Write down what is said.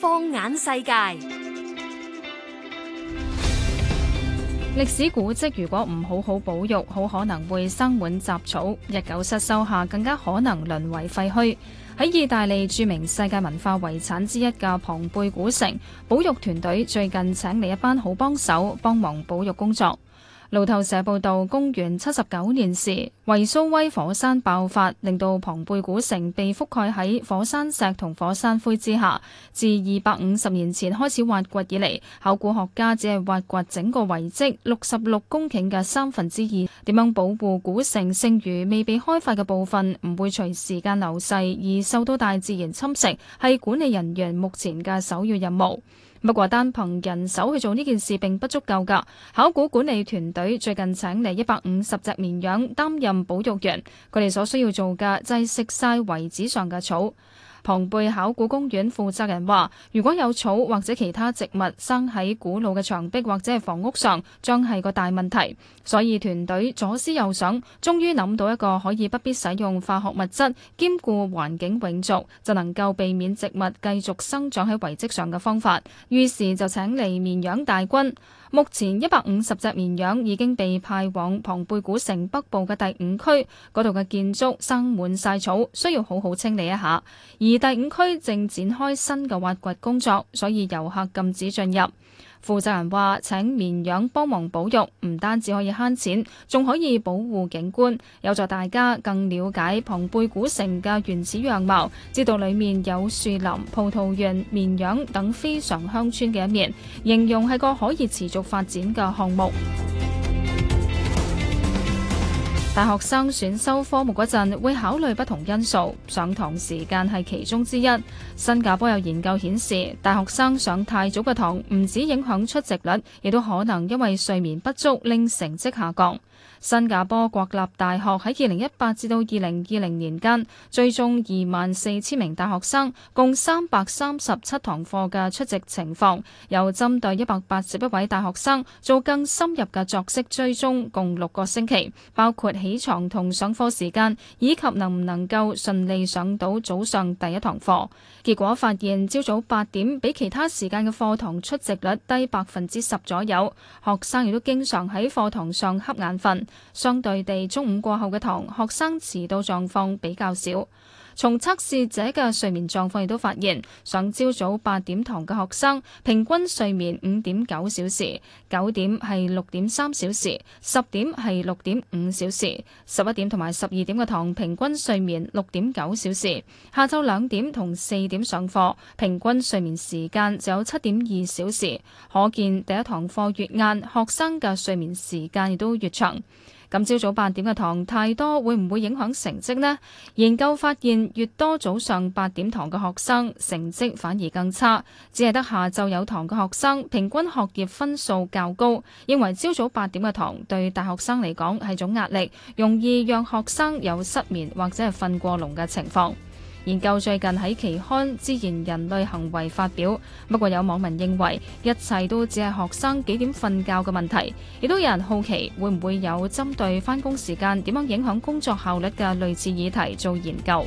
放眼世界，歷史古跡如果唔好好保育，好可能會生滿雜草，日久失修下，更加可能淪為廢墟。喺意大利著名世界文化遺產之一嘅龐貝古城，保育團隊最近請嚟一班好幫手，幫忙保育工作。路透社報道，公元七十九年時，維蘇威火山爆發，令到龐貝古城被覆蓋喺火山石同火山灰之下。自二百五十年前開始挖掘以嚟，考古學家只係挖掘整個遺跡六十六公頃嘅三分之二。點樣保護古城剩餘未被開發嘅部分，唔會隨時間流逝而受到大自然侵蝕，係管理人員目前嘅首要任務。不過單憑人手去做呢件事並不足夠噶。考古管理團隊最近請嚟一百五十隻綿羊擔任保育員，佢哋所需要做嘅就係食晒遺址上嘅草。龐貝考古公園負責人話，如果有草或者其他植物生喺古老嘅牆壁或者係房屋上，將係個大問題。所以團隊左思右想，終於諗到一個可以不必使用化學物質、兼顧環境永續就能夠避免植物繼續生長喺遺跡上嘅方法。於是就請嚟綿羊大軍。目前一百五十隻綿羊已經被派往龐貝古城北部嘅第五區，嗰度嘅建築生滿晒草，需要好好清理一下。而第五區正展開新嘅挖掘工作，所以遊客禁止進入。負責人話：請綿羊幫忙保育，唔單止可以慳錢，仲可以保護景觀，有助大家更了解龐貝古城嘅原始樣貌，知道裡面有樹林、葡萄園、綿羊等非常鄉村嘅一面。形容係個可以持續發展嘅項目。大學生選修科目嗰陣會考慮不同因素，上堂時間係其中之一。新加坡有研究顯示，大學生上太早嘅堂唔止影響出席率，亦都可能因為睡眠不足令成績下降。新加坡國立大學喺二零一八至到二零二零年間追蹤二萬四千名大學生，共三百三十七堂課嘅出席情況，又針對一百八十一位大學生做更深入嘅作息追蹤，共六個星期，包括。起床同上課時間，以及能唔能夠順利上到早上第一堂課。結果發現，朝早八點比其他時間嘅課堂出席率低百分之十左右。學生亦都經常喺課堂上瞌眼瞓，相對地，中午過後嘅堂，學生遲到狀況比較少。從測試者嘅睡眠狀況亦都發現，上朝早八點堂嘅學生平均睡眠五點九小時，九點係六點三小時，十點係六點五小時，十一點同埋十二點嘅堂平均睡眠六點九小時。下晝兩點同四點上課，平均睡眠時間就有七點二小時。可見第一堂課越晏，學生嘅睡眠時間亦都越長。咁朝早八點嘅堂太多，會唔會影響成績呢？研究發現，越多早上八點堂嘅學生，成績反而更差。只係得下晝有堂嘅學生，平均學業分數較高。認為朝早八點嘅堂對大學生嚟講係種壓力，容易讓學生有失眠或者係瞓過籠嘅情況。研究最近喺期刊《自然人類行為》發表，不過有網民認為一切都只係學生幾點瞓覺嘅問題，亦都有人好奇會唔會有針對翻工時間點樣影響工作效率嘅類似議題做研究。